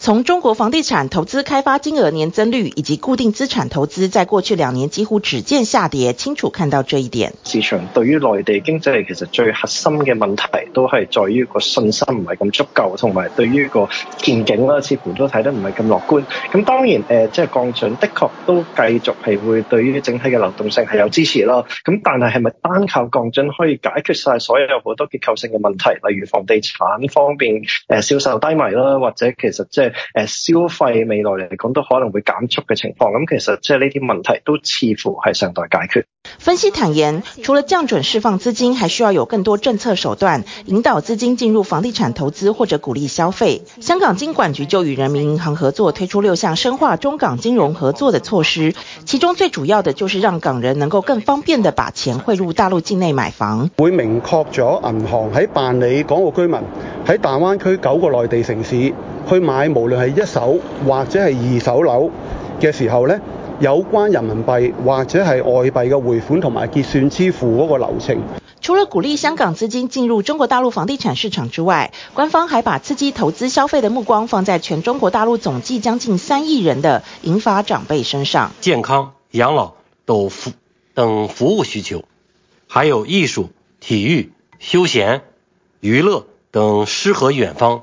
從中國房地產投資開發金額年增率以及固定資產投資，在過去兩年幾乎只見下跌，清楚看到這一點。市場對於內地經濟，其實最核心嘅問題都係在於個信心唔係咁足夠，同埋對於個前景啦，似乎都睇得唔係咁樂觀。咁當然誒，即係降準的確都繼續係會對於整體嘅流動性係有支持咯。咁但係係咪單靠降準可以解決晒所有好多結構性嘅問題，例如房地產方面誒銷售低迷啦，或者其實即係。誒，消費未來嚟講都可能會減速嘅情況。咁其實即係呢啲問題都似乎係尚待解決。分析坦言，除了降準釋放資金，還需要有更多政策手段，引導資金進入房地產投資或者鼓勵消費。香港金管局就與人民銀行合作推出六項深化中港金融合作的措施，其中最主要的就是讓港人能夠更方便的把錢匯入大陸境內買房。會明確咗銀行喺辦理港澳居民喺大灣區九個內地城市去買，無論係一手或者係二手樓嘅時候呢。有關人民幣或者係外幣嘅匯款同埋結算支付嗰個流程。除了鼓勵香港資金進入中國大陸房地產市場之外，官方還把刺激投資消費的目光放在全中國大陸總計將近三億人的銀髮長輩身上，健康、養老、等服等服務需求，還有藝術、體育、休閒、娛樂等詩和遠方。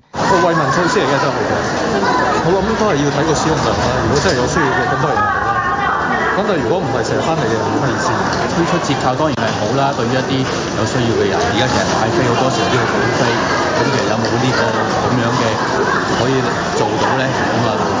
個、哦、慰問措施嚟嘅真係，好，咁、嗯、都係要睇個使用量啦。如果真係有需要嘅，咁唔好人，咁但係如果唔係成日翻嚟嘅，咁嘅意思推出折扣當然係好啦。對於一啲有需要嘅人，而家成日買飛好多時都要補飛，咁其實有冇呢、呢個咁樣嘅可以做到咧？咁啊。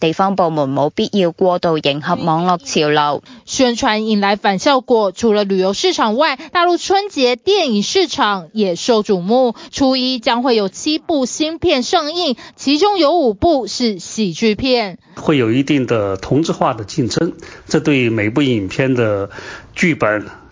地方部門冇必要過度迎合網絡潮流，宣傳引來反效果。除了旅遊市場外，大陸春節電影市場也受矚目。初一將會有七部新片上映，其中有五部是喜劇片，會有一定的同質化的競爭。這對每部影片的劇本，